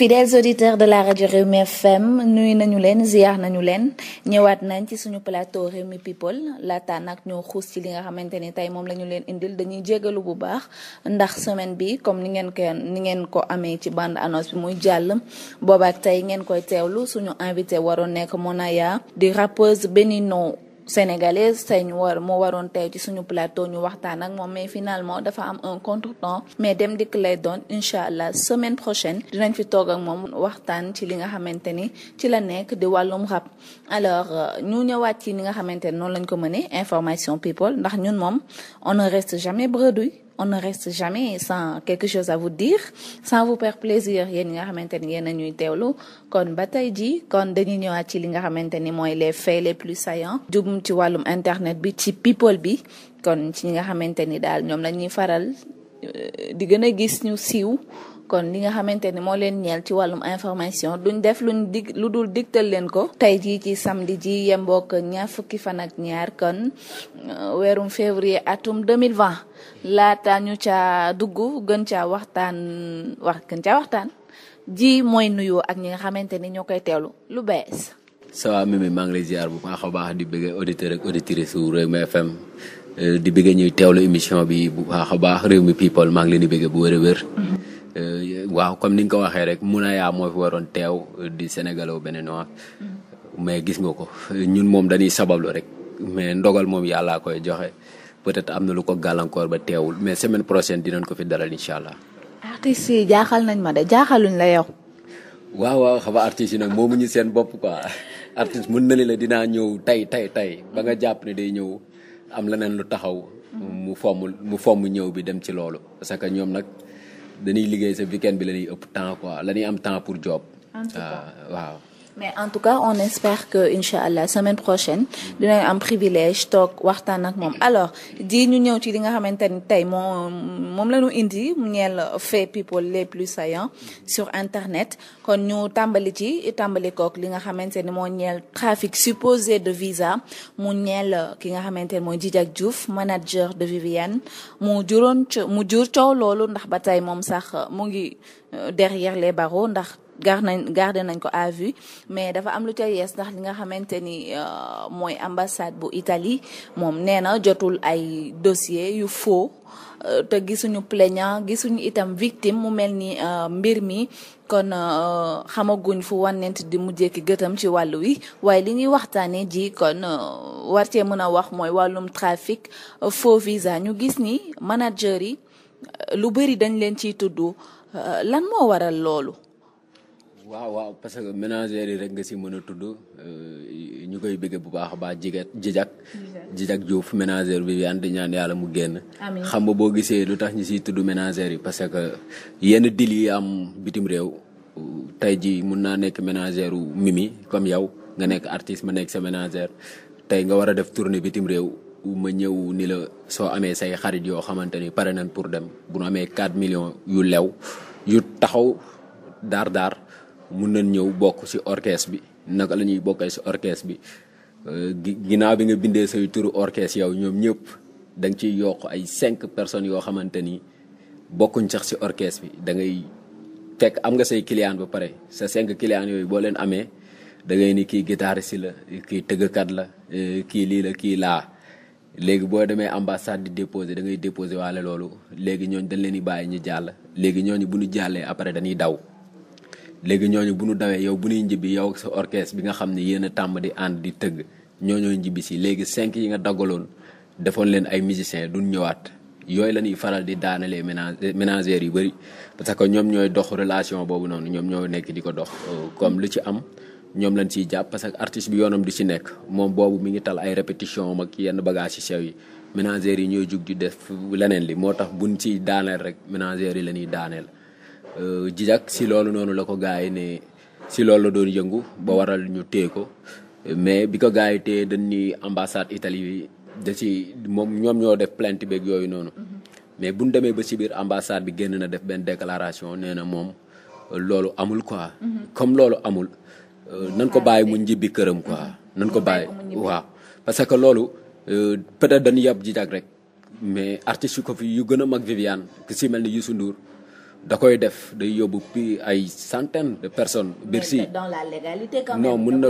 fidèles auditeurs de la rajo Rewmi FM nuyu nañu leen ziar nañu leen ñëwaat nañ ci suñu plateau Rewmi People laataan nag ñoo xuus ci li nga xamante ni tey moom la ñu leen indil dañuy jégalu bu baax ndax semaine bi comme ni ngeen ko ni ngeen ko amee ci band annonce bi muy jàll boobaak tey ngeen koy teewlu suñu invité waroon nekk Monaya di rappeuse béninoise sénégalaise sañ war moo waroon tey ci suñu plateau ñu waxtaan ak moom mais finalement dafa am un contretemps mais dem dikk lay doon incha allah semaine prochaine dinañ fi toog ak moom waxtaan ci li nga xamante ni ci la nekk di wàllum rap alors euh, ñu ñëwaat ci ni nga xamante ni noonu lañ ko mënee information people ndax ñun moom on ne reste jamais bredouille on ne reste jamais sans quelque chose à vous dire sans vous faire plaisir yéen ñi nga xamante ni yéen a ñuy teewlu kon ba tey ji kon dañuy ñëwaat ci li nga xamante ni mooy les faits les plus saillants jubum ci wàllum internet bi ci people bi kon ci ñi nga xamante ni daal ñoom la ñuy faral euh, di gën a gis ñu siiw kon li nga xamante ni moo leen ñeel ci wàllum information duñ def luñ dig lu dul digtal leen ko tey jii ci samedi ji yembook ñaar fukki fan ak ñaar kon euh, weerum février atum 2020 laata ñu caa dugg gën caa waxtaan wax gën caa waxtaan ji mooy nuyoo ak ñi nga xamante ni ñoo koy teewlu lu bees sawa Mimi maa ngi lay ziar bu baax baax di bëggee auditeur ak auditrice su Rewmi FM euh, di bëgg ñuy teewlu émission bi bu baax a baax Rewmi People maa ngi leen di bëgg bu wér a mm-hmm. Euh, waaw comme ni nga ko waxee rek Mounaya moo fi waroon teew di sénégalo béninois mais gis nga ko ñun moom dañuy sabablu rek mais ndogal moom yàllaa koy joxe peut-être am na lu ko gàllankoor ba teewul mais semaine prochaine dinañ ko fi dalal incha allah. artistes yi jaaxal nañ ma de jaaxaluñ la yow. waaw waaw xam nga yi nag moomu ñu seen bopp quoi artiste mën na la dinaa ñëw tey tey tey ba nga jàpp ne day ñëw am leneen lu taxaw. Mm-hmm. mu fomm mu fomm ñëw bi dem ci loolu parce que ñoom nag. dañuy liggéey sa weekend bi la ñuy ëpp temps quoi la am temps pour job. Ah, waaw. mais en tout cas on espère que incha allah semaine prochaine dinañ am privilège toog waxtaan ak moom alors jii ñu ñëw ci li nga xamante ni tey moom moom indi mu indi ñeel fait people les plus saillants sur internet kon ñu tàmbali ci tàmbali kook li nga xamante ni moo ñeel trafic supposé de visa mu ñeel ki nga xamante ni mooy Djidiack Diouf manager de Viviane mu juróon mu jur coow loolu ndax ba tey moom sax mu ngi euh, derrière les barreaux ndax. gar nañ garder nañ ko à vue mais dafa am lu ca yees ndax li nga xamante ni euh, mooy ambassade bu Italie moom nee na jotul ay dossier yu faux euh, te gisuñu plaignant gisuñu itam victime mu mel ni euh, mbir mi kon xamaguñ fu wànnent di mujjee ki gëtam ci wàll wi waaye li ñuy waxtaane ji kon war cee mën a wax mooy wàllum trafic faux visa ñu gis ni manager yi lu bëri dañ leen ciy tudd lan moo waral loolu. waaw waaw parce que ménagères yi rek nga si mën a tudd euh, ñu koy bëgg bu baax a baax jigéen jijak jijak fu ménagère bi yan di ñaan yàlla mu génn xam nga boo gisee lu tax ñu siy tudd ménagères yi parce que yenn dilli yi am bitim réew tey ji mun naa nekk ménager u Mimi comme yow nga nekk artiste ma nekk sa ménagère tey nga war a def tournée bitim réew ma ñëw ni la soo amee say xarit yoo xamante ni pare nañ pour dem bu nu amee 4 million yu lew yu taxaw daar daar mun nañ ñëw bokk ci orchestre bi naka la ñuy bokkee ci orchestre bi ginnaaw bi nga bindee say turu orchestre yow ñoom ñëpp da nga ciy yokk ay cinq personnes yoo xamante ni bokkuñ sax ci orchestre bi da ngay fekk am nga say client ba pare sa cinq clients yooyu boo leen amee da ngay ni kii guitariste la kii tëggkat la eh, kii lii la kii laa léegi boo demee ambassade di déposé da ngay déposer waale loolu léegi ñooñ dañ leen di bàyyi ñu jàll léegi ñooñu bu ñu jàllee après dañuy daw léegi ñooñu bu ñu dawee yow bu ñuy njibbi yow ak sa orchestre bi nga xam ne yéen a tàmm di ànd di tëgg ñooñoo njibbi si léegi cinq yi nga daggaloon defoon leen ay musiciens duñ ñëwaat yooyu la ñuy faral di daanalee ménage eh, ménagères yu bëri parce que ñoom ñooy dox relation boobu noonu ñoom ñoo nekk di ko dox euh, comme lu ci am ñoom lañ ciy jàpp parce que artiste bi yoonam di ci nekk moom boobu mi ngi tal ay répétition mag yenn bagage ci sew yi ménagères yi ñooy jug di def leneen li moo tax buñ ciy daaneel rek ménagères yi la ñuy daaneel Euh, Jijak si loolu noonu la ko gars yi ne si loolu la doon yëngu ba waral ñu téye ko mais bi ko gars yi téye dañ ni ambassade itali bi da ci moom ñoom ñoo def plainte beeg yooyu noonu. mais bu ñu demee ba si biir ambassade bi génn na def benn déclaration nee na moom euh, loolu amul quoi. comme loolu amul. Euh, nan ko bàyyi mu njibbi këram quoi. nan ko bàyyi waaw. parce que loolu peut-être dañu yab Jijak rek mais artistes yu ko fi yu gën a mag Viviane ku si mel ni Youssou Ndour. da koy def day yóbbu pi ay centaines de personnes. Bercy dans mun na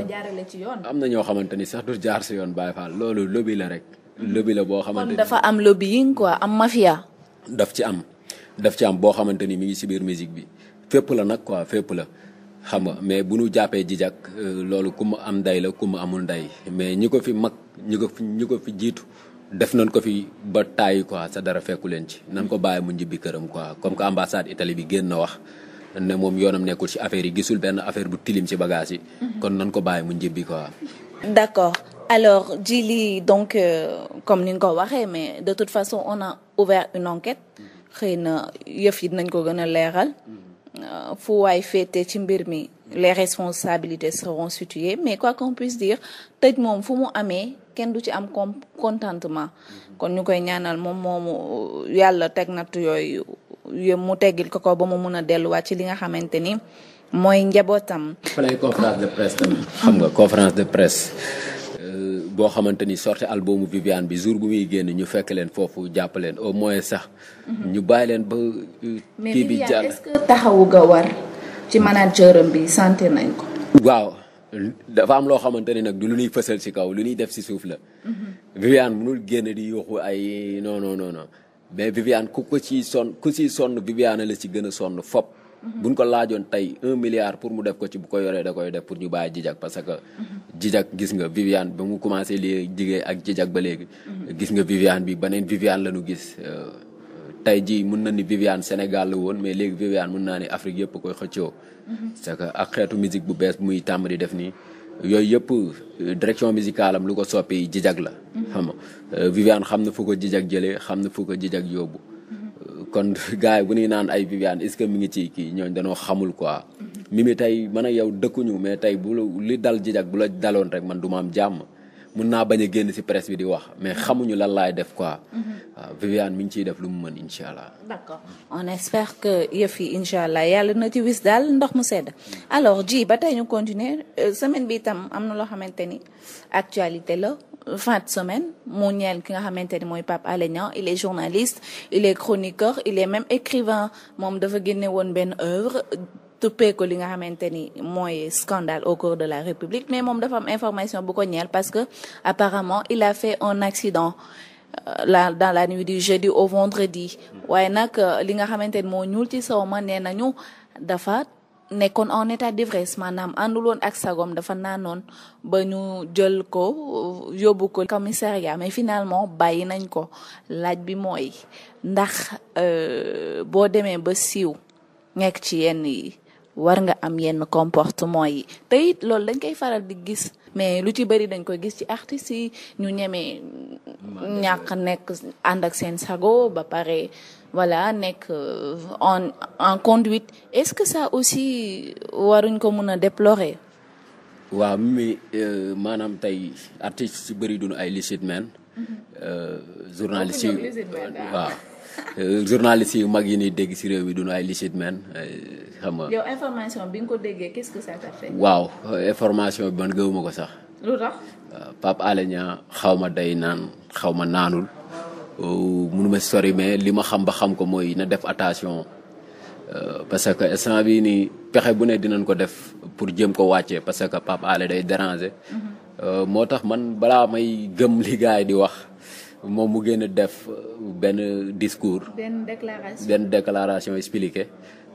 am na ñoo xamante ni sax du jaar si yoon Baye Fall loolu lobby la rek. lobby la boo xamante ni dafa am lobbying quoi am mafia. daf ci am daf ci am boo xamante ni mi ngi si biir musique bi fépp la nag quoi fépp la. xam nga mais bu nu jàppee jijak euh, loolu ku mu am nday la ku mu amul nday mais ñi ko fi mag ñi ko fi jiitu def nañ ko fi ba tàyyi quoi sa dara fekku leen ci nañ ko bàyyi mu njibbi këram quoi comme que ambassade Italie bi génn na wax ne moom yoonam nekkul ci affaire yi gisul benn affaire bu tilim ci bagage yi. Mhm. kon nañ ko bàyyi mu njibbi quoi. d'accord alors Djily donc euh, comme ni nga ko waxee mais de toute façon on a ouvert une enquête xëy na yëf yi nañ ko gën a leeral. Euh, fu waay féete ci mbir mi les responsabilités seront situées mais quoi qu'on puisse dire tëj moom fu mu amee. kenn du ci am com contentement kon ñu koy ñaanal moom moomu yàlla teg natt yooyu yëpp mu teggil ko ko ba mu mun a delluwaat ci li nga xamante ni mooy njabootam. fële conférence de presse tamit. xam nga conférence de presse. Euh, boo xamante ni sorti albumu Viviane bi jour bu muy génn ñu fekk leen foofu jàppaleen leen au moins sax. Mhm. ñu bàyyi leen ba. Euh, kii bi jàll mais Viviane que taxawu nga war ci manageram bi sentir nañ ko. dafa am loo xamante ni nag du lu ñuy fësal ci kaw lu ñuy def si suuf la. Mhm. Viviane munul génn di yuuxu ay non non non mais Viviane ku ko ciy sonn ku ciy sonn Viviane la si gën a sonn fop. Mhm. buñ ko laajoon tey un milliard pour mu def ko ci bu ko yoree da koy def pour ñu bàyyi jijak parce que. Mhm. jijak gis nga Viviane ba mu commencé liggéey ak jijak ba léegi. gis nga Viviane bi beneen Viviane la ñu gis. Euh, tey jii mun na ni Viviane Sénégal la woon mais léegi Viviane mun naa ni Afrique yëpp koy xëccoo. Mhm. c'est ak xeetu musique bu bees muy tàmm di def nii. yooyu yëpp euh, direction musicale lu ko soppi jijag la. Mhm. xam euh, xam na fu ko jijag jëlee xam na fu ko jijag yóbbu. Mhm. kon gars yi bu ñuy naan ay Viviane est-ce que mi ngi ci kii ñooñ danoo xamul quoi. mi mi tey man ak yow dëkkuñu mais tey bu li dal jijag bu la daloon rek man du ma am jàmm. mun naa bañ a génn ci presse bi di wax mais xamuñu lan laay def quoi. waaw mm-hmm. ah, Viviane mi ngi ciy def lu mu mën incha allah. d'accord on espère que yëf yi incha allah yàlla na ci wis daal ndox mu sedd. alors ji ba tey ñu continuer euh, semaine bi itam am na loo xamante ni actualité la. fin de semaine mu ñeel ki nga xamante ni mooy Pape Alé Niang il est journaliste il est chroniqueur il est même écrivain moom dafa génne woon benn œuvre tuppee ko li nga xamante ni mooy scandale au cours de la République mais moom dafa am information bu ko ñeel parce que apparemment il a fait un accident euh, la dans la nuit du jeudi au vendredi waaye nag euh, li nga xamante ni moo ñuul ci saw ma nee nañu dafa nekkoon en état d'ivresse maanaam àndul ak sagom dafa naanoon ba ñu jël ko euh, yóbbu ko commissariat mais finalement bàyyi nañ ko laaj bi mooy ndax boo demee ba siiw nekk ci yenn yi war nga am yenn comportement yi te it loolu dañ koy faral di gis mais lu ci bëri dañ koy gis ci artistes yi ñu ñemee ñàkk nekk ànd ak seen sago ba pare wala nekk euh, en en conduite est-ce que ça aussi waruñ ko mun a déplorer. waaw euh, maanaam tey artistes yu bëri duñu ay légitimes journalistes yi Euh, journaliste yu mag yi ni dégg si réew mi duñu ay légit men euh, xam bi nga ko déggee waaw information bi man gëwuma ko sax. lu tax. Euh, Pape xaw ma day naan xaw ma naanul mënuma sori mais li ma xam ba xam ko mooy na def attention parce que instant bii nii pexe bu ne dinañ ko def pour jëm ko wàccee parce que Pape Alé day déranger. Mm-hmm. moo tax man balaa may gëm li di wax. moom mu génn a def euh, benn discours. benn déclaration benn déclaration expliqué.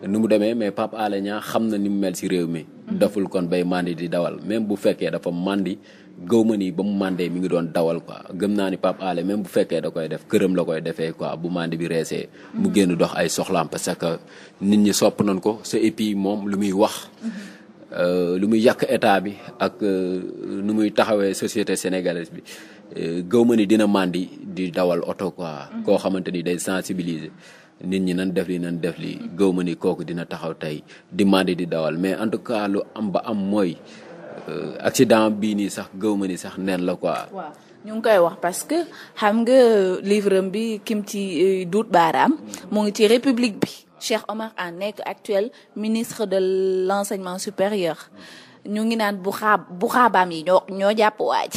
ni mu demee mais Pape Alé Niang xam na ni mu mel si réew mi. Mhm. daful kon bay mandi di dawal même bu fekkee dafa mandi gëw ma ni ba mu mandee mi ngi doon dawal quoi gëm naa ni Pape Alé même bu fekkee da koy def këram la koy defee quoi bu mandi bi reesee. Mhm. mu génn dox ay soxlaam parce que nit ñi sopp nañ ko sa et puis moom lu muy wax. Mhm. Euh, lu muy yàq état bi ak euh, nu muy taxawee société sénégalaise bi. Eh, gëw ma ni dina màndi di dawal oto quoi. Mhm. koo xamante ni day sensibiliser. nit ñi nan def li nan def li mhm. gëw ma ni kooku dina taxaw tey di màndi di dawal mais en tout cas lu am ba am mooy eh, accident bii nii sax gëw ma ni sax nen la quoi. waaw ñu ngi koy wax parce que xam nga eh, livre am bi kim ci duut baaraam moo mhm. ngi ci république bi. Cheikh Omar Anne nekk actuel ministre de l' enseignement supérieur ñu ngi naan bu xaab bu yi ñoo jàpp waaj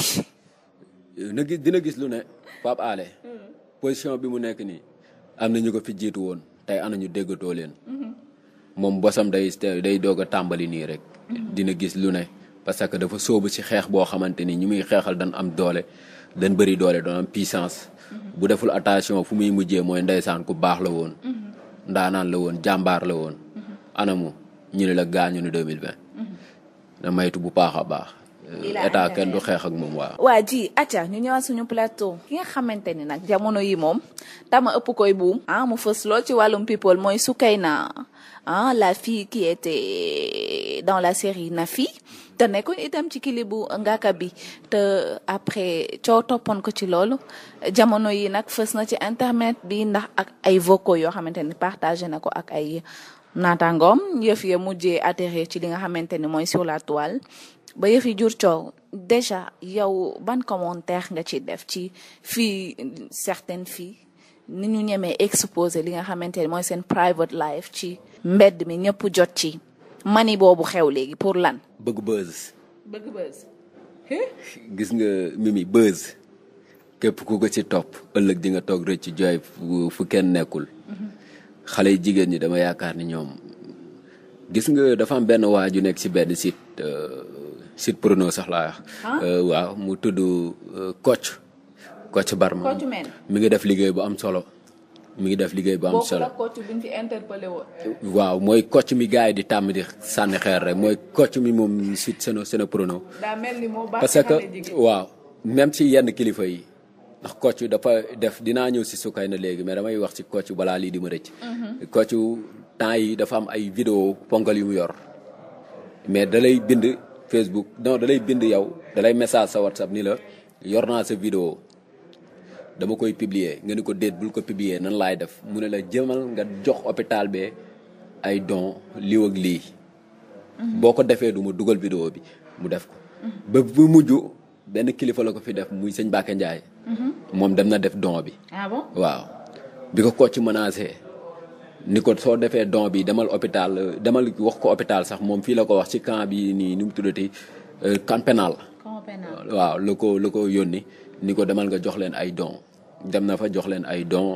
na gis dina gis lu ne Pape Alé hmm. position bi mu nekk nii am na ñu ko fi jiitu woon tey ana ñu déggatoo leen hmm. moom bosam day day doog a tàmbali nii rek hmm. dina gis lu ne parce que dafa soobu ci xeex boo xamante ni ñu muy xeexal dan am doole dañ bëri doole doon am puissance bu deful attention fu muy mujjee mooy ndeysaan ku baax la woon ndaanaan la woon jàmbaar la woon anamu ñu ne la gaañu ne 2020 na maytu bu baax a baax état kenn du xeex ak moom waaw. waa ji acca ñu ñëwaat suñu plateau ki nga xamante ni nag jamono yi moom tama ëpp koy buum ah, mu fës lool ci wàllum pipol mooy Soukeyna ah la fille qui était dans la série Nafi te nekkoon itam ci kili bu Ngaaka bi te après coow toppoon ko ci loolu jamono yi nag fës na ci internet bi ndax ak ay vocaux yoo xamante ni partagé na ko ak ay naataangoom yëf ya mujje atterrir ci li nga xamante ni mooy sur la toile ba yëf yi jur coow déjà yow ban commentaire nga ci def ci fii certaines filles ni ñu ñemee exposé li nga xamante ne mooy seen private life ci mbedd mi ñëpp jot ci mani boobu xew léegi pour lan. bëgg buzz. bëgg buzz. gis nga mimi buzz képp ku ko ci topp ëllëg di nga toog rëcc jooy fu kenn nekkul. Mm-hmm. xale yi jigéen ñi dama yaakaar ni ñoom gis nga dafa am benn waa ju nekk ci benn site. Euh, surpreneur sax laa ah? euh, waaw mu tudd coach euh, coach Barma mi ngi def liggéey bu am solo mi ngi def liggéey bu am solo waaw mooy coach mi gars yi di tàmm di sànni xeer rek mooy coach mi moom si seno seno prono parce que waaw même si yenn kilifa yi ndax coach dafa def dinaa ñëw si sukkay na léegi mais damay wax si coach balaa lii di ma rëcc coach mhm. temps yi dafa am ay vidéo ponkal yu mu yor mais dalay bind Facebook non da lay bind yow da lay message sa WhatsApp ni la yor naa sa vidéo dama koy piblier nga ni ko déet bul ko publier nan laay def mu ne la jëmal nga jox hôpital bee ay don liw lii. Mhm. boo ko defee du ma dugal vidéo bi mu def ko. ba bu mujj benn kilifa la ko fi def muy sëñ Bakke Ndiaye. Mhm. moom dem na def don bi. Ah waaw bi ko koo ci ni ko soo defee don bi demal hôpital demal wax ko hôpital sax moom fii la ko wax ci camp bi nii nu mu tuddati euh, camp pénal waaw la ko la ko yónni ni ko demal nga jox leen ay don dem na fa jox leen ay don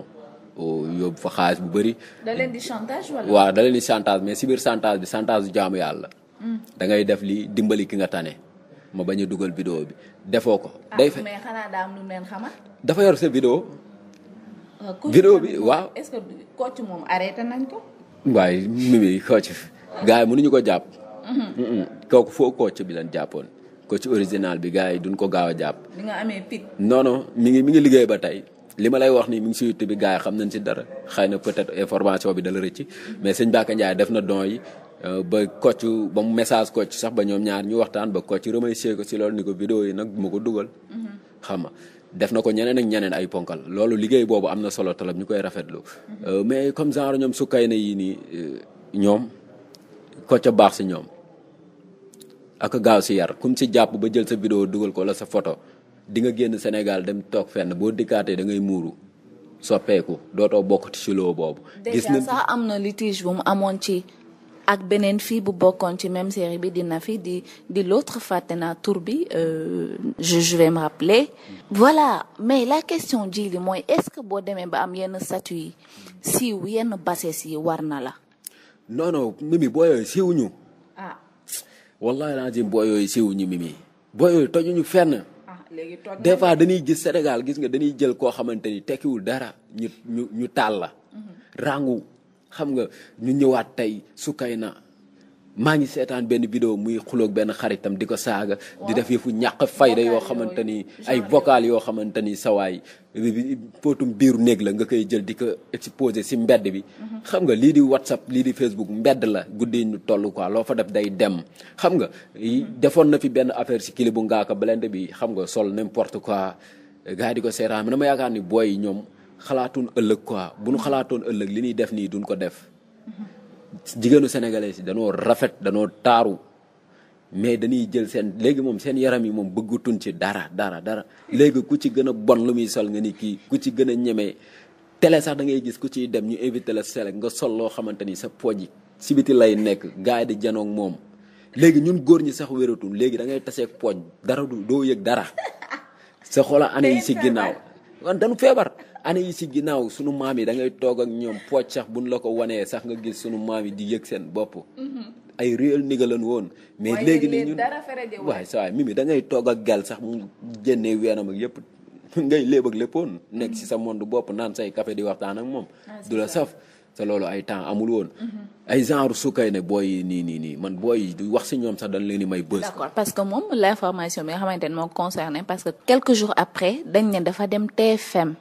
yóbbu fa xaalis bu bëri. da leen waaw da leen di mais si biir chantage bi chantage du jaamu yàlla. Mm. da def li dimbali ki nga tane. ma bañ a dugal vidéo bi defoo ko. Ah, day fa dafa yor sa vidéo. Euh, vidéo bi waaw est-ce que Kocc moom arrêté nañ ko. waaye mimi Kocc gars yi mënuñu ko jàpp. Mhm. kooku foo Kocc bi lañ jàppoon. Kocc original bi gars yi duñ ko gaaw a jàpp. li nga amee picc. mi ngi mi ngi liggéey ba tey li ma lay wax nii mu ngi si YouTube bi gars yi xam nañ si dara xëy na peut-être information bi dala rëcc. mais sëñ Bakka Ndiaye def na don yi. Euh, ba Kocc ba mu message Kocc sax ba ñoom ñaar ñu waxtaan ba Kocc remercier ko si loolu ni ko vidéo yi nag ma ko dugal. Mhm. xama def na ko ñeneen ak ñeneen ay ponkal loolu liggéey boobu am na solo talab ñu koy rafetlu euh, mais comme genre ñoom sukkay na yi nii euh, ñoom kocca baax si ñoom ak gaaw si yar kum si jàpp ba jël sa vidéo dugal ko la sa photo di nga génn Sénégal dem toog fenn boo dikkaatee da ngay muuru soppeeku dootoo bokkati ci loo boobu. gis nañ déjà am na litige bu mu amoon ci. ak beneen fii bu bokkoon ci même série bi dina fi di di l'autre fàtte naa tur bi euh, je je vais me rappeler voilà mais la question ji li mooy est-ce que boo demee ba am yenn statut yi siiw yenn bases yi war na la non non siiw ñu ah wallahi boo yooyu siiw ñu mimi boo yooyu tojuñu fenn ah, léegi des fois dañuy gis Sénégal gis nga dañuy jël koo xamante ni tekkiwul dara ñu ñu la mm-hmm. rangu xam nga ñu ñëwaat tey su Soukeyna maa ngi seetaan benn vidéo muy xuloog benn xaritam di ko saaga di def yëfu ñàq da yoo xamante ni ay vocal yoo xamante ni sawaay pootum biiru néeg la nga koy jël di ko exposé si mbedd bi mhm. xam nga lii di whatsapp lii di facebook mbedd la guddi ñu toll quoi loo fa def day dem xam nga mhm. defoon na fi benn affaire si bu Ngaaka Blindé bi xam nga sol n'importe quoi gars yi di ko seetaan na ma yaakaar ni booy ñoom xalaatuñ ëllëg quoi bu ñu xalaatoon ëllëg li ñuy def nii duñ ko def jigéenu sénégalais yi danoo rafet danoo taaru mais dañuy jël seen léegi moom seen yaram yi moom bëggatuñ ci dara dara dara léegi ku ci gën a bon lu muy sol nga ni kii ku ci gën a ñeme télé sax da ngay gis ku ciy dem ñu invité la selek nga sol loo xamante ni sa pooj yi si biti lay nekk gars yi di janoog moom léegi ñun góor ñi sax wératul léegi da ngay taseeg pooj dara du doo yëg dara sa xoola année yi si ginnaaw année yi si ginnaaw sunu maam yi dangay ngay toog ak ñoom pooj sax buñ la ko wanee sax nga gis sunu maam yi di yëg seen bopp. Mm-hmm. ay réel nigalan woon. mais léegi nii ñun waaye saa waay mimi da ngay toog ak gal sax mu génnee weenam ak yëpp ngay léeb ak léppoon. Mm-hmm. nekk si sa monde bopp naan say café di waxtaan ak moom. Ah, du la saf. loolu ay temps amul woon. Mm-hmm. ay genre sukay ne booy nii nii nii man booy du wax si ñoom sax dañ leen may bës. parce que moom l'information bi nga xamante ne moo concerné parce que quelque jours après dañ dafa dem tee TFM.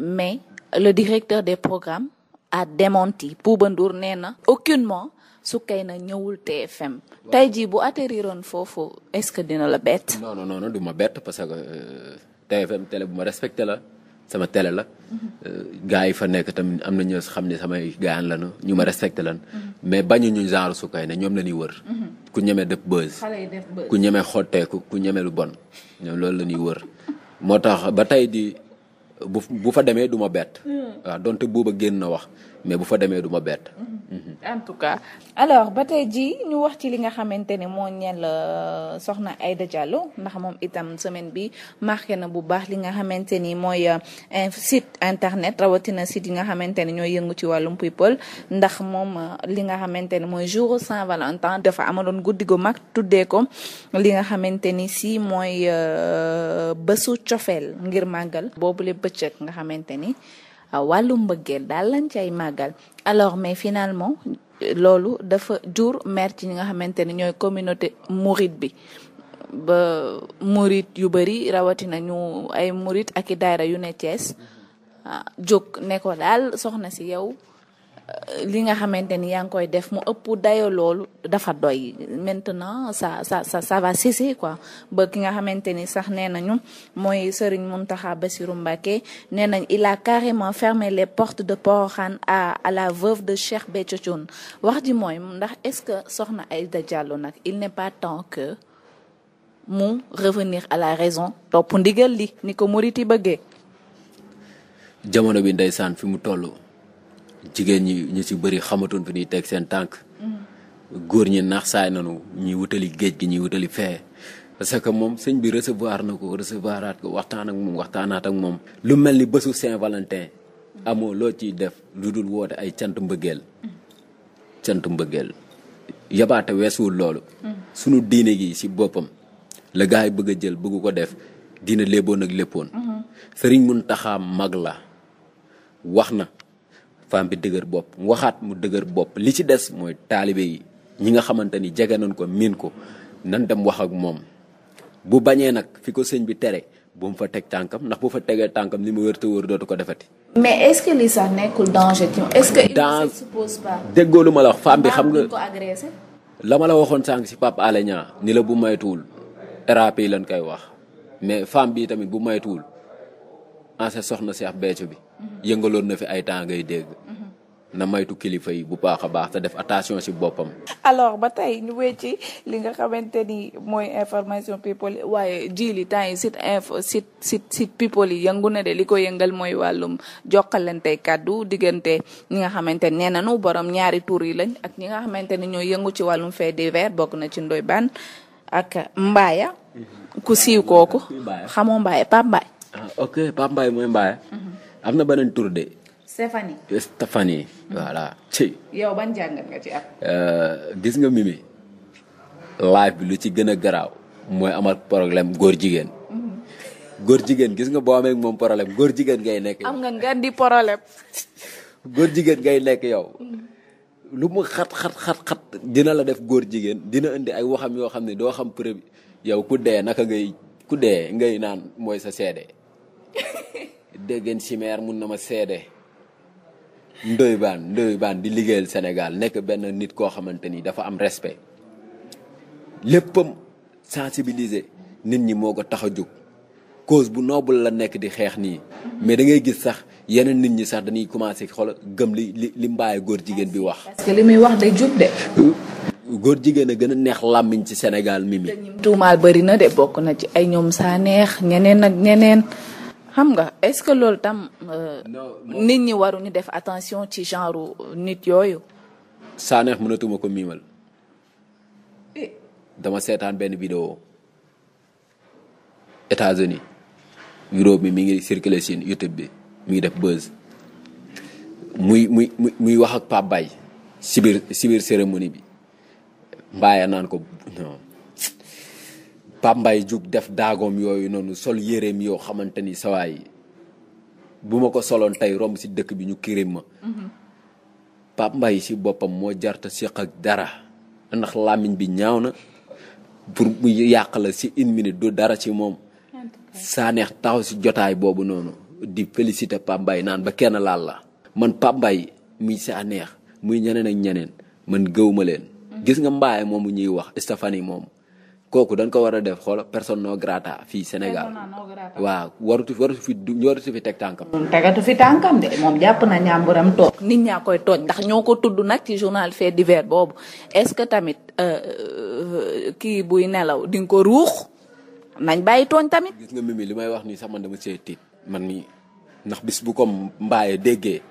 mais le directeur des programmes a démenti Bouba Ndour nee na aucunement Soukeyna ñëwul TFM tey jii bu atterriroon foofu est-ce que dina la bett. non non non du ma bett parce que euh, TFM télé bu ma respecté la sama tele la. Mm-hmm. Euh, gars yi fa nekk tamit am na ñoo xam ne samay gaañ lañu ñu ma respecté lan mm-hmm. mais bañuñu genre Soukeyna ñoom la wër. Mm-hmm. ku ñeme def buzz. ku ñeme xotteeku ku ñeme lu bon ñoom loolu la wër moo tax ba tey di. bu bu fa demee du ma bett. Hmm. waaw donte buuba génn na wax mais bu fa demee du ma bett. Mm-hmm. en tout cas alors ba tey jii ñu wax ci li nga xamante ni moo ñeel euh, soxna Aïda Diallo ndax moom itam semaine bi marqué na bu baax li nga xamante ni mooy euh, site internet rawatina site yi nga xamante ne ñooy yëngu ci wàllum people ndax moom euh, li nga xamante ne mooy jour Saint Valentin dafa amaloon guddi gu mag tuddee ko li nga xamante ni si mooy bésu cofeel ngir màggal boobu le bëccëg nga xamante ni. wàllu mbëggeel daal lañ cay màggal alors mais finalement loolu dafa jur mer ci ñi nga xamante ni ñooy communauté mouride bi ba murit yu bëri rawatina ñu ay murit ak i daayra yu ne Thiès ah, jóg ne ko daal soxna si yow li nga xamante ni yaa ngi koy def mu ëpp dayo loolu dafa doy maintenant ça ça ça ça quoi ba ki nga xamante ni sax nee nañu mooy Serigne Mountakha Bassirou Mbacké nee nañ il a carrément fermé les portes de Porokhane à à la veuve de Cheikh Béthio Thioune wax ji mooy ndax est-ce que Soxna Aïda Diallo nag il n'est pas temps que mu revenir à la raison topp ndigal li ni ko murit yi bëggee. jamono bi ndeysaan fi mu toll. jigéen ñi ñu si bëri xamatoon fi ñuy teg seen tànk góor ñi naax saay nanu ñuy wutali géej gi ñuy wutali fee parce que moom sëñ bi recevoir na ko recevoiraat ko waxtaan ak moom waxtaanaat ak moom lu mel ni bësu Saint-Valentin amoo loo ciy def lu dul woote ay cant mbëggeel cant mbëggeel yabaate weesuwul loolu sunu diine gi si boppam la gars yi bëgg a jël bëgg ko def diine léeboon ak léppoon mhm. sëriñ Muntaxa mag la wax na femme bi dëgër bopp mu waxaat mu dëgër bopp li ci des mooy taalibe yi ñi nga xamante ni jege nañ ko miin ko nan dem wax ak moom bu bañee nag fi ko sëñ bi tere bu mu fa teg tànkam ndax bu fa tegee tànkam li mu wër te wër dootu ko defati. mais que li sax nekkul danger est que il déggoo lu ma la wax femme bi xam nga la ma la waxoon sànq si pap Alé Niang ni la bu maytuwul thérapie lañ koy wax mais femme bi tamit bu maytuwul en soxna Cheikh Béthio bi. Mm-hmm. yëngaloon na fi ay temps ngay dégg. Mm-hmm. na maytu kilifa yi bu baax a baax te def attention ci boppam. alors ba tey ñu wéy ci li nga xamante ni mooy information people waaye ji li temps yi site info site site site people yi yëngu na de li ko yëngal mooy wàllum jokkalante kàddu diggante ñi nga xamante ne nee nañu borom ñaari tur yi lañ ak ñi nga xamante ne ñooy yëngu ci wàllum fait divers bokk na ci ndoy baan ak mbaaya mm-hmm. ku siiw kooku. xamoo mbaaya ah, Pape Mbaye. mooy mbaaya. am na beneen tur de. Stéphanie. Stéphanie voilà ci. yow ban jàngat nga ci am. Euh, gis nga Mimi live bi lu ci gën a garaaw mooy amal problème góor jigéen. Mm-hmm. jigéen gis nga boo amee moom problème góor jigéen ngay nekk. am nga nga di problème. góor jigéen ngay nekk yow. Mm-hmm. lu mu xat xat xat dina la def góor jigéen dina indi ay waxam yoo xam ne doo xam preuve yow ku dee naka ngay ku dee ngay naan mooy sa seede. déggeen chimère mun na ma seede Ndoye Bane Ndoye Bane di liggéeyal Sénégal nekk benn nit koo xamante nii dafa am respect léppam sensibiliser nit ñi moo ko tax a jóg cause bu noble la nekk di xeex nii mais da ngay gis sax yeneen nit ñi sax dañuy commencé xool gëm li li li mbaay góor jigéen bi wax. parce li muy wax day jub de. góor jigéen a gën a neex làmmiñ ci Sénégal mi mi. tuumaal bëri de bokk na ci ay ñoom saa neex ñeneen ak ñeneen. xam nga est-ce que loolu tam. Euh, nit ñi waruñu def attention ci genre nit yooyu. saa neex mënatuma ko miimal. Eh. dama seetaan benn vidéo États-Unis vidéo bi mi ngi circuler ci YouTube bi mi ngi def buzz muy muy muy wax ak Pape si biir si biir cérémonie bi Mbaye naan ko Pambay jug def daagoom yooyu noonu sol yéreem yoo xamante ni yi bu ma ko soloon tey romb si dëkk bi ñu kirim ma mhm. Pambay si boppam moo jarta séq ak dara ndax làmmiñ bi ñaaw na pour bu yàq la ci une du dara ci moom neex taxaw si jotaay boobu noonu di féliciter Pambay naan ba kenn laal la man Pambay muy saaneex muy ñeneen ak ñeneen man gëwuma leen mhm. gis nga mbaay moomu ñuy wax Stéphanie moom kooku dañ ko war a def xool personne non grata fii Sénégal waaw warutu warutu fi warutu fi teg tànkam. tegatu fi tànkam de moom jàpp na ñàmburam toog. nit ñaa koy tooñ ndax ñoo ko tudd nag ci journal fait divers boobu est-ce que tamit euh, euh, kii buy nelaw di nga ko ruux nañ bàyyi tooñ tamit. gis nga mimi li may wax nii sax man dama see ndax bis bu mbaaye déggee.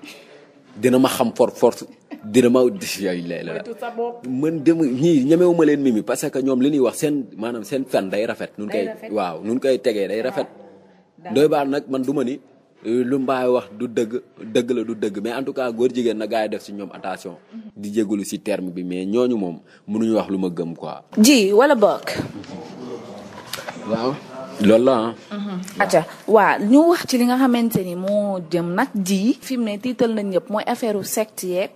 dina ma xam for force dina ma yooyu lay la man dem ñii ñemewu ma leen mimi parce que ñoom li ñuy wax seen maanaam seen fen day rafet nun koy waaw nun koy tegee day rafet doy baa nag man du ma ni euh, lu mbaay wax du dëgg dëgg la du dëgg mais en tout cas góor jigéen na gaa yi def si ñoom attention mhm. di jégalu si terme bi mais ñooñu moom mënuñu wax lu ma gëm quoi ji wala bokk loolu la ah. Mhm. atia waa ñu wax ci li nga xamante ni moo jëm nag ji. fi mu ne tiital nañ ñëpp mooy affaire sect yeeg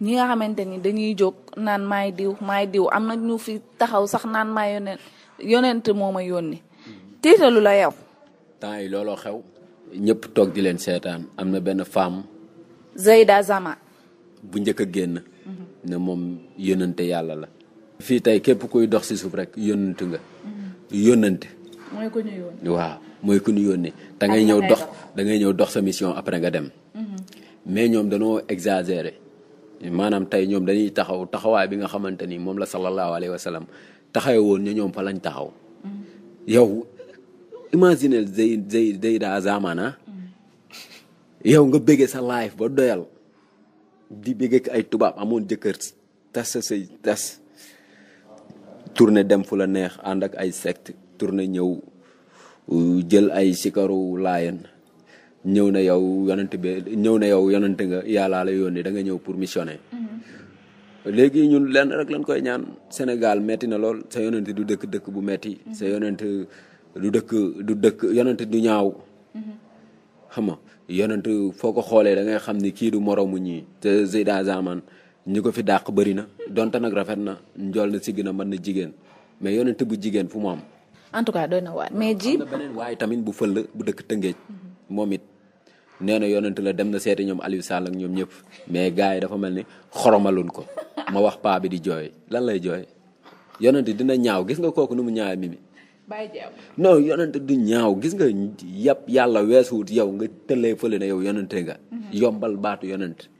ñi nga xamante ni dañuy jóg naan maay diw maay diw am na ñu fi taxaw sax naan maay yonent yonent moo ma yónni. Mhm. tiitalu la yow. temps yi looloo xew. ñëpp toog di leen seetaan am na benn femme. Zeyda Zama. bu njëkk a génn. Mhm. ne moom yónnante yàlla la. fii tey képp kuy dox ci suuf rek yónnante nga. yónnante. mooy ko waaw mooy ku ñu yónnee da ngay ñëw dox da ngay ñëw dox sa mission après nga dem. Mm-hmm. mais ñoom dañoo exagéré maanaam tey ñoom dañuy taxaw taxawaay bi nga xamante ni moom la sallallahu alayhi wa sallam taxawe woon ñu ñoom fa lañ taxaw. Mm-hmm. Mm-hmm. yow nga bëggee sa life ba doyal di bëggee ay tubaab amoon jëkkër tas sa say tas tourné dem fu la neex ànd ak ay sect tourné ñëw euh, jël ay sikaru laayan ñëw na yow yonent bi ñëw na yow yonent nga yàllaa la yónni da nga ñëw pour missionner. Mm-hmm. léegi ñun lenn rek lañ koy ñaan Sénégal metti na lool sa yonent du dëkk dëkk bu metti mm-hmm. sa yonent du dëkk du dëkk yonent du ñaaw mm-hmm. xam nga yonent foo ko xoolee da ngay xam ni kii du moroomu ñii te Zeyda Zaman ñi ko fi dàq bëri na donte nag rafet na njool na sigg na mën na jigéen mais yonent bu jigéen fu mu am en tout cas doy na waar mais ji beneen waaye tamit bu fël bu dëkk Tëngéej moom it nee na yonent la dem na seeti ñoom Aliou Sall ñoom ñëpp mais gars dafa mel ni xoromaluñ ko ma wax paa bi di jooy lan lay jooy yonent dina ñaaw gis nga kooku nu mu ñaawee mimi bàyyi jaaw non yonent du ñaaw gis nga yàpp yàlla weesuwut yow nga tëllee fële ne yow yonente nga mhm. yombal baatu yonent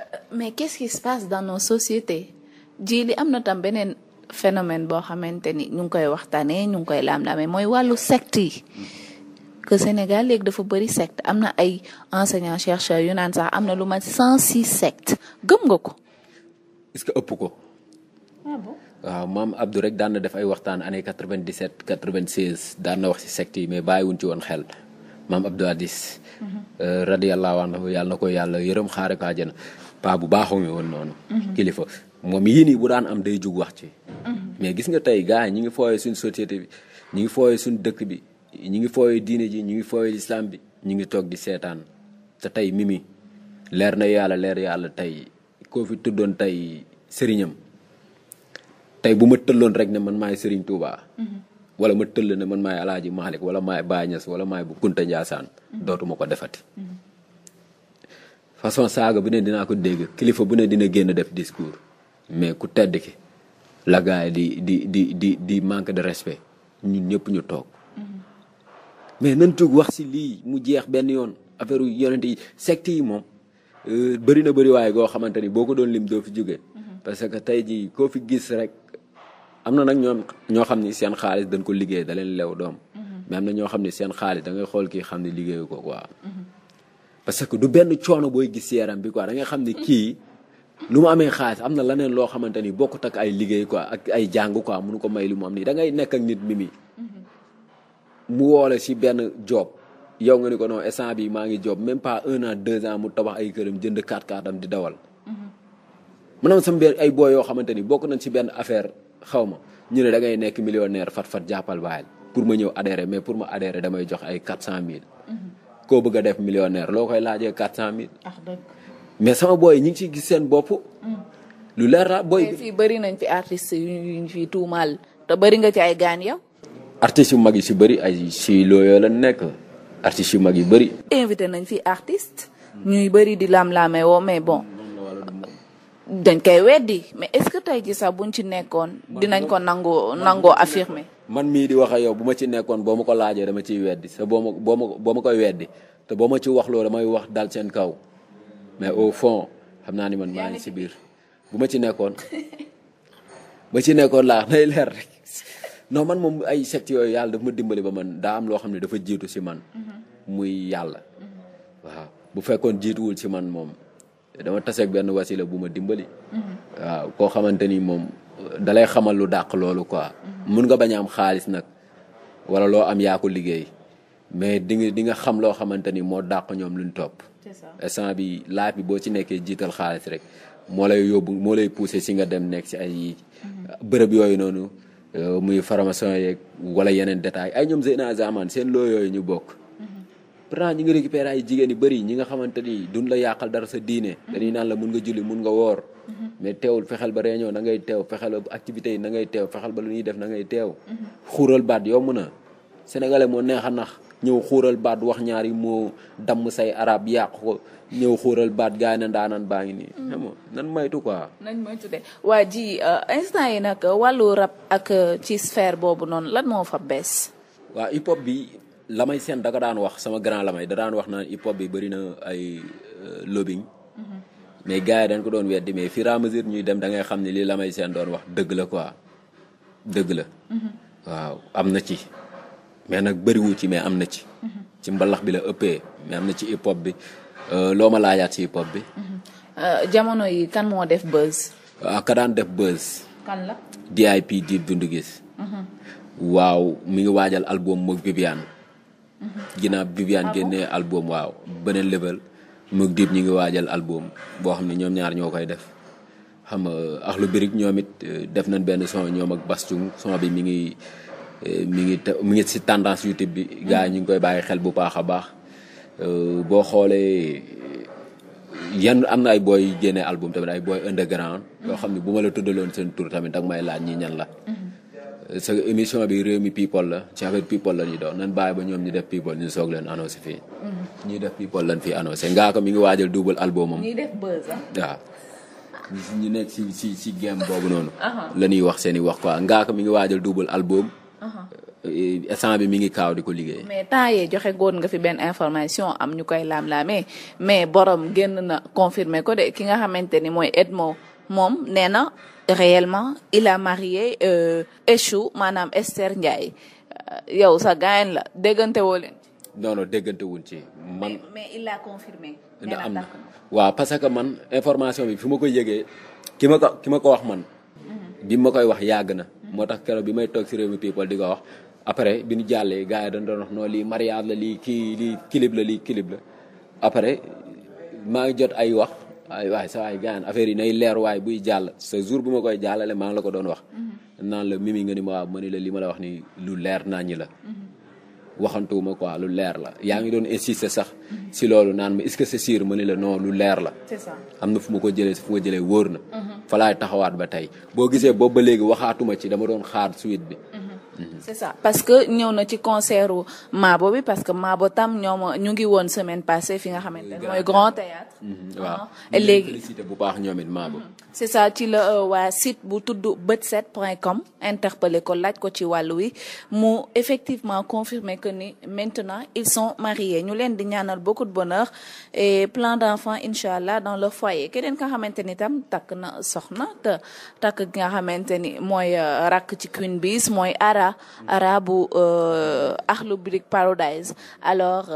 euh, mais qu'est-ce qui passe dans nos sociétés ji li am na tam beneen phénomène boo xamante ni ñu ngi koy waxtaanee ñu ngi koy laam-laamee mooy wallu sect yi que Sénégal léegi dafa bëri sect am na ay enseignants chercheurs yu naan sax am na lu mat cent six sectes gëm nga ko. est que ëpp ko. ah waaw maam Abdou rek daan def ay waxtaan année 97 96 daan na wax ci sect yi mais bàyyiwuñ ci woon xel maam Abdou Hadis. Mhm. Euh, radiyallahu anhu yàlla na ko yàlla yërëm xaare ko àjjana paa bu baaxoo woon noonu. Mhm. moom yii nii bu daan am day jug wax ci. Mhm. mais gis nga tey gaa yi ñu ngi fooyee suñ société bi ñu ngi fooyee suñ dëkk bi ñu ngi fooyee diine ji ñu ngi fooyee lislaam bi ñu ngi toog di seetaan te tey mimi leer na yàlla leer yàlla tey koo fi tuddoon tey sëriñam tey bu ma tëlloon rek ne man maay sëriñ Touba. Mhm. wala ma tëll ne man maay alaaji Malick wala maay Baye Niass wala maay bu Kunta Ndiassane mhm. dootuma ko defati façon saaga bu ne dinaa ko dégg kilifa bu ne dina génn def discours mais ku tedd ki la gaay di di di di di manque de respect ñun ñëpp ñu toog mm-hmm. mais nan tuug wax si lii mu jeex benn yoon affaire yonent yi secte yi moom euh, bëri na bëri waaye goo xamante ni boo ko doon lim doo fi jóge mm-hmm. parce que tey ji koo fi gis rek am na nag ñoom ñoo xam ni seen xaalis dañ ko liggéey da leen lew doom mm-hmm. mais am na ñoo xam ni seen xaalis da ngay xool kii xam ni liggéeyu ko quoi parce que du benn coono booy gis yaram bi quoi da nga xam ni kii lu mu amee xaalis am na leneen loo xamante ni ko takk ay liggéey quoi ak ay jàng quoi mënu ko may lu mu am nii da ngay nekk ak nit mimi mm-hmm. mu woole si benn job yow nga ni ko non instant bi maa ngi job même pas un an deux ans mu tabax ay këram jënd kaat kaatam di dawal mm-hmm. maanaam sama benn ay boo yoo xamante ni bokk nañ si benn affaire xaw ma ñu ne da ngay nekk millionnaire fat fat jàppal baayal pour ma ñëw adhéré mais pour ma adhéré damay jox ay quatre cent mille mm-hmm. ko bëgg a def millionnaire loo koy laajee quatre cent mille ah, mais sama booy ñi ngi ciy gis seen bopp. lu leer la booy. fii bëri nañ fi artistes yu ñu fi tuumaal te bëri nga ci ay gaan yow. artistes yu mag yi si bëri ay si looyoo la nekk artistes yu mag yi bëri. invité nañ fi artiste ñuy bëri di lam-laamee woo mais bon. dañ koy weddi mais est-ce que tey ji sax buñ ci nekkoon dinañ ko nangoo nangoo affirmer. man mii di wax ak yow bu ma ci nekkoon boo ma ko laajee dama ciy weddi te boo ma boo ma boo ma koy weddi te boo ma ci wax loo damay wax dal seen kaw. mais au fond xam naa ni man maa ngi si biir bu ma ci nekkoon ba ci nekkoon laa nay leer rek non man moom ay secte yooyu yàlla daf ma dimbali ba man daa am loo xam ne dafa jiitu si man. Mm-hmm. muy yàlla. Mm-hmm. waaw bu fekkoon jiituwul si man moom dama taseeg benn wasila bu ma dimbali. Mm-hmm. koo xamante ni moom dalay xamal lu dàq loolu quoi. mun nga bañ a am xaalis nag wala loo am yaa liggéey mais di nga di nga xam loo xamante ni moo dàq ñoom luñ topp. instant bi laaj bi boo ci nekkee jiital xaalis rek moo lay yóbbu moo lay poussé si nga dem nekk si ay bërëb yooyu noonu euh, muy formation yeeg wala yeneen détails ay ñoom Zeyna Zaman seen loo yooyu ñu bokk. pourtant ñi ngi récupéré ay jigéen yu bëri ñi nga xamante ni duñ la yàqal dara sa diine. dañuy naan la mun nga julli mun nga woor. mais teewul fexeel ba réunion na ngay teew fexeel ba activités yi na ngay teew fexeel ba lu ñuy def na ngay teew. Mhm. xuural baat yomb na sénégalais moo neex ñëw xuural baat wax ñaari moo damm say arab yàq ko ñëw xuural baat gaa yi ne ndaanan baa ngi nii. Mm. xam nga nan moytu quoi. nañ moytu de waa ji euh, instant yi nag euh, wàllu rab ak euh, ci sphère boobu noonu lan moo fa bees. waa hip bi lamay seen daga daan wax sama grand lamay da daan wax naan hip hop bi bëri na ay lobbying. Mm-hmm. mais gars yi dañ ko doon weddi mais fur et à ñuy dem dangay xam ne lii lamay seen doon wax dëgg la quoi dëgg la. Mm-hmm. waaw am na ci. mais nag bëriwu ci mais am na ci. ci mbalax bi la ëppee mais am na ci hip hop bi euh, loo ma laajaat ci hip bi. Euh, jamono yi kan moo def buzz. ah daan def buzz. kan la. DIP di dund gis. waaw mi ngi waajal album moog Viviane. ginnaaw Viviane ah génnee album waaw beneen level. moog Dip ñi ngi waajal album boo xam ne ñoom ñaar ñoo koy def xam nga lu Brick ñoom it euh, def nañ benn son ñoom ak Bass Thioung bi mi ngi. Euh, mi ngi mi ngi si tendance YouTube bi mm. gars yi ñu ngi koy bàyyi xel bu baax a baax euh, boo xoolee yan am na ay booy génne album tamit ay booy underground. Mm. yoo xam ne bu ma la tuddaloon seen tur tamit ak may laaj ñi ñan la. Mm-hmm. Euh, sa émission bi réew mi people la ci affaire people la ñuy doon nan bàyyi ba ñoom ñu def people ñu soog leen annoncé fii. Mm-hmm. ñuy def people lañ fi annoncé ngaa ko mi ngi waajal double album am. ñuy def ah. ñu nekk si si si game boobu noonu. Uh-huh. la ñuy wax seen i wax quoi ngaa ko mi ngi waajal double album. instant uh-huh. bi mi ngi kaaw di ko liggéey. mais temps ye joxe góon nga fi benn information am ñu koy laam-laamee mais borom génn na confirmer ko de ki nga xamante ni mooy Edmo moom nee na réellement il a marié Echou euh, maanaam Esther Ndiaye euh, yow sa gaañ la déggante woo leen. non non déggante wuñ ci. man mais, mais il l'a confirmé. da am na waaw parce que man information bi fi ma ko yëgee ki ma ko ki ma ko wax man. bi ma koy wax yàgg na. moo tax keroog bi may toog si réew mi people di ko wax après bi ñu jàllee gars yi dañ doon wax non lii mariage la lii kii lii clip la lii kilib la après maa ngi jot ay wax ay waay sa waay gaan affaire yi nay leer waay buy jàll sa jour bu ma koy jàllale maa ngi la ko doon wax mm-hmm. naan la mimi nga ni ma waaw ma ni la lii ma la wax nii lu leer naa ñi la mm-hmm. waxantuwuma a lu leer la yaa ngi doon insister sax si loolu naan ma est-ce c'est sûr ma ne la non lu leer la. c'est am na fu ma ko jëlee fu ma jëlee wóor na. Mhm. fa taxawaat ba tey boo gisee boobu ba léegi waxaatuma ci dama doon xaar suite bi. Mhm. Mhm. c'est ça parce que ñëw na ci concert u Mabo bi parce que Mabo tam ñoom ñu ngi woon semaine passée fi nga xamante ne mooy Grand Théâtre ah. léegi bu baax ñoom it Mabo c'est ça ci la euh, waa site bu tudd bët7.com interpellé ko laaj ko ci wàllu wi mu effectivement confirmé que ni maintenant ils sont mariés ñu leen di ñaanal beaucoup de bonheur et plein d'enfants incha allah dans leur foyer keneen nga xamante ni tam takk na soxna te takk gi nga xamante ni mooy euh, rakk ci Queen Biz mooy ara ara bu euh, Akhlou Brick Paradise alors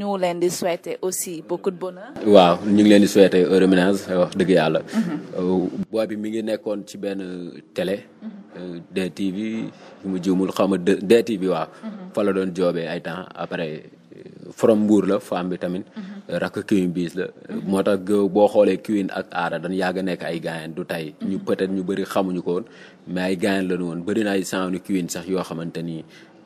ñu leen di souhaiter aussi beaucoup de bonheur. waaw ñu ngi leen di souhaiter heureux ménage wax dëgg yàlla. Mhm. Euh, booy bi mi ngi nekkoon ci benn télé. Mhm. Euh, DTV mu jiwmul xaw ma DTV waaw. Mhm. fa la doon joobee ay temps après euh, from Mbour la femme bi tamit. Mhm. rakk Queen Biz la. moo tax boo xoolee Queen ak Aada dañ yàgg a nekk ay gaayen du tey. ñu peut-être ñu bëri xamuñu ko woon mais ay gaayen la woon bëri na ay sànni Queen sax yoo xamante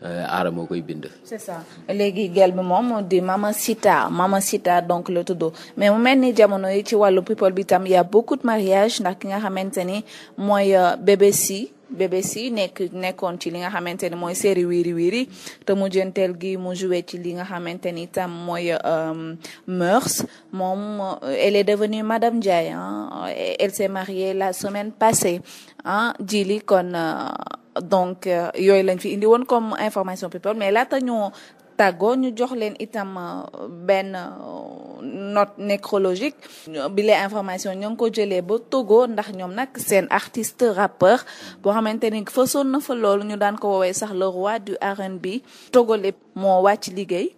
Euh, aara moo koy bind. c'est ça léegi gel bi moom di Mama Sita Mama cita donc la tudd mais mu mel ni jamono yi ci wàllu people bi tam y a beaucoup de mariage ndax ki nga xamante ni mooy euh, bébé si. BBC nekk nekkoon ci li nga xamante ni mooy série wiiri wiiri te mu jënteel gi mu joué ci li nga xamante ni tam mooy euh, Mœurs moom elle est devenue Madame Ndiaye elle s'est mariée la semaine passée ah jili kon. donc euh, yooyu lañ fi indi woon comme information people mais laata ñoo tàggoo ñu jox leen itam euh, benn euh, not nécrologique bi les information ñoo ngi ko jëlee ba Togo ndax ñoom nag seen artiste rappeur boo xamante ni façon na fa loolu ñu daan ko woowee sax le roi du R&B Togo lépp moo wàcc liggéey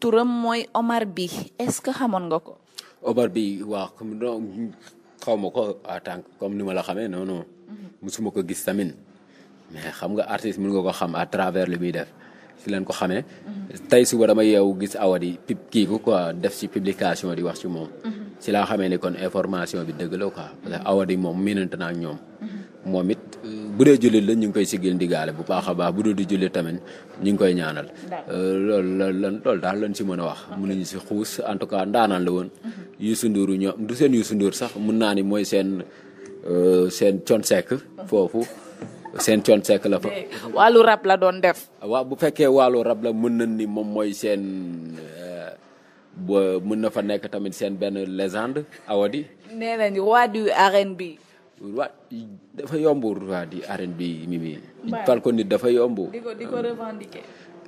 turam mooy Omar Bi est-ce que xamoon nga ko. Omar Bi waaw xaw ma ko en tant comme ni ma la xamee non non. Mhm. musuma ko gis tamit. mais xam nga artiste mën nga ko xam a travers lu muy def si leen ko xamee. tey suba dama yeewu gis awa di pub kii ko quoi def si publication di wax ci moom. si laa xamee ni kon information bi dëgg la quoi parce que awa di moom miinante na ñoom. moom it bu dee jullit la ñu ngi koy siggil ndigaale bu baax a baax bu dul di jullit tamit ñu ngi koy ñaanal. loolu la lan loolu daal lañ si mën a wax. mënuñu si xuus en tout cas ndaanaan la woon. Youssou Ndour ñoom du seen Youssou Ndour sax mun naa ni mooy seen euh, seen Thione Seck seen coon sekk la fa. wàllu rap la doon def. waaw bu fekkee wàllu rap la mën na ni moom mooy seen euh, mën na fa nekk tamit seen benn légende awadi. nee nañu roi du waa dafa yomb roi du R&B mi mi. fal ko nit dafa yomb.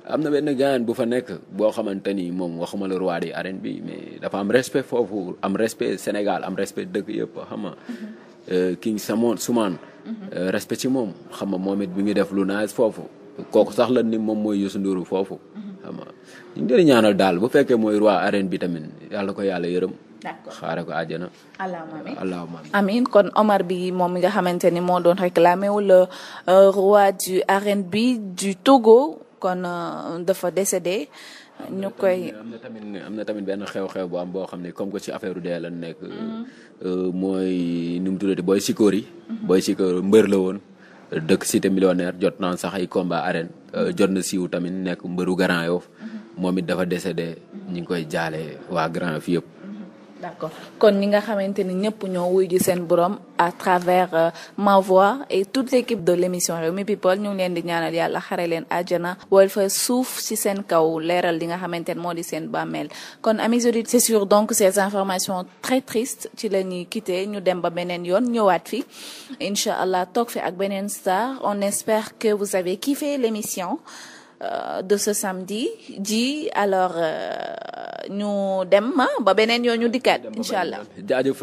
Euh, am na benn gaan bu fa nekk boo xamante ni moom waxuma la roi du R&B mais dafa am respect foofu am respect Sénégal am respect dëkk yëpp xam nga. Euh, King Samon Mhm. Euh, respect ci moom xam nga moom it bi ngi def lu naaj foofu kooku sax la ni moom mooy Youssou foofu. Mhm. xam nga ñu daal bu fekkee mooy roi arène bi tamit yàlla ko yàlla yërëm. d'accord xaaral ko àjjana. kon Omar bi moom mi nga xamante ni moo doon réclamé wu le euh, roi du arène bi du Togo kon euh, dafa décédé. ñu koy. am na tamit am na tamit benn xew-xew bu am boo xam ne comme que ci affaire dee la nekk. Mm-hmm. Euh, mooy nu mu tuddati booy Sikori yi. Mm-hmm. booy Sikori mbër la woon. dëkk cité millionnaire jot na sax ay combat arène euh, mm-hmm. jot na siiw tamit nekk mbëru Grand Yoff moom it dafa décédé ñu ngi koy jaale waa Grand Yoff yëpp. d' accord kon ñi nga xamante ni ñëpp ñoo wuy ji seen borom à travers euh, ma voix et toute l' équipe de l' émission Rewmi People ñu ngi leen di ñaanal yàlla xare leen àjjana wala fa suuf si seen kaw leeral li nga xamante ne moo di seen bàmmeel kon amis auditeurs c' est sûr donc ces informations très tristes ci la ñuy quitté ñu dem ba beneen yoon ñëwaat fi incha allah toog fi ak beneen star on espère que vous avez kiffé l' émission Euh, de ce samedi ji alors euh, ñu dem ba beneen yoo ñu dikkaat incha allah.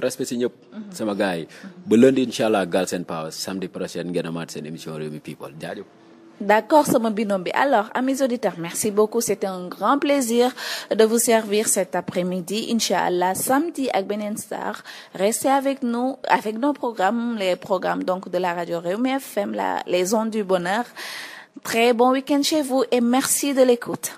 respect si ñëpp. sama gars yi ba lundi incha allah Galsen Power samedi prochain ngeen amaat seen émission People jaajëf. D'accord sama binôme bi alors amis auditeurs merci beaucoup c'était un grand plaisir de vous servir cet après-midi Inch'Allah samedi ak beneen star restez avec nous avec nos programmes les donc de la radio Rewmi FM les ondes du bonheur Très bon week-end chez vous et merci de l'écoute.